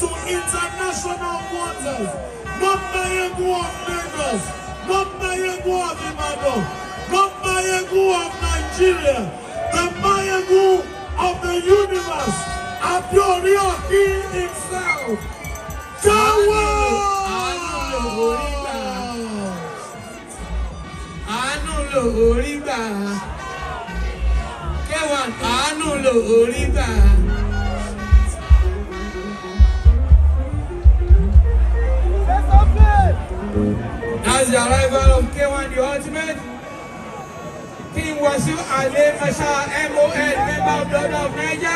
to international waters. Mama yangu of Lagos, Mama yangu of Ibadan, Mama yangu of Nigeria, the Mayangu of the universe, Abiorioki himself. Jawa! Àánú lò orí gbà. Kẹwàá The Ultimate, Team Wasu Ale member of Niger.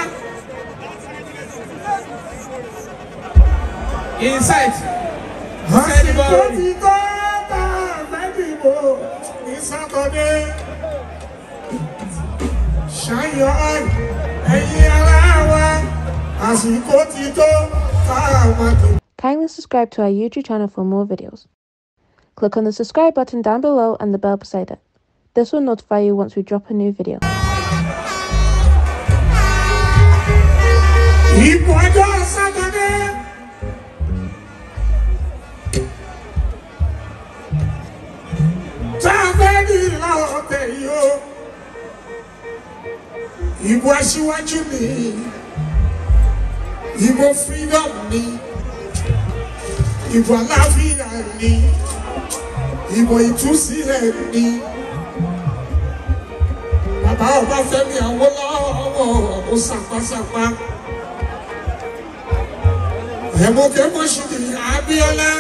Kindly subscribe to our YouTube channel for more videos. Click on the subscribe button down below and the bell beside it. This will notify you once we drop a new video. you what you need. mi, ìbò freedom mi, ìbò aláfíà mi. ìbò ìtúsílẹ̀ mi bàbá Ọbáfẹ́mi Awólọ́wọ̀ ó sàpàsàpà ẹ̀mọ́kẹ́ mọ́ṣúdì Abíọ́lá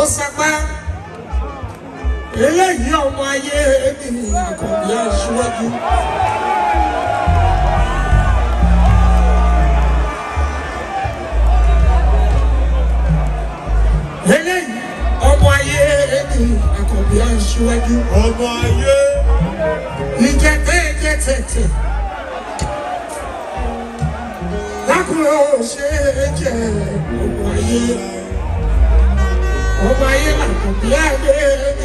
ó sàpà eléyìí ọmọ ayé ènìyàn kò ní aṣíwájú. aṣíwájú. ọmọ ayé. ìjẹtẹ ìjẹtẹ tẹ. lákùnrin ò ṣe é jẹ ọmọ ayé. ọmọ ayé làkùn bí adé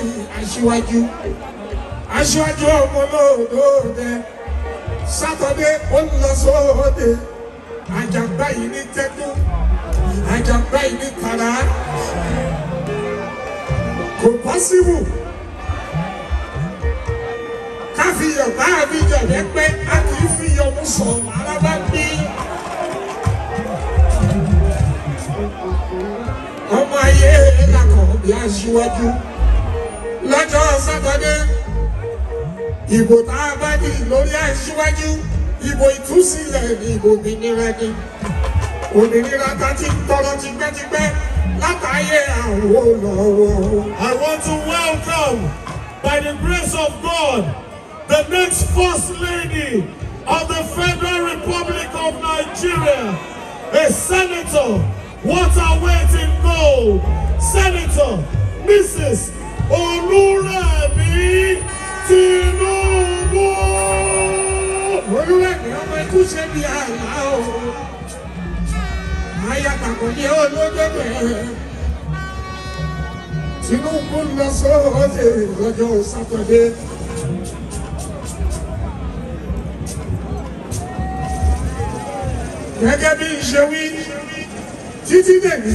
ní aṣíwájú. aṣíwájú ọmọ lóòdòdè. sátọdé ó ń lọ sóde. àjàgbá yìí ní tẹ́kùn. àjàgbá yìí Yorùbá àbíjọ rẹ pé a kì í fi yọmú sọ̀rọ̀ alábá bí. ọmọ ayé lakọ̀ bí aṣíwájú lọ́jọ́ sátọ́dé ìbò tá a bá ní lórí aṣíwájú ìbò ìtúsílẹ̀ ní ìbò òmìnira ni òmìnira ta ti ń tọrọ tipẹ́tipẹ́ látàáyé àwọn olówó. I want to welcome by the grace of God the next First Lady of the Federal Republic of Nigeria, a Senator, what are waiting gold, Senator Mrs. Oluremi Tinubu. Olúwẹ̀mí ọmọ ikú ṣe bí àlá o. Ayapàkọ̀ bẹ̀rẹ̀. Tinubu lọ sóòdè lọ́jọ́ Sátọ̀dé. gẹ́gẹ́ bí n ṣe wí títí dèmí.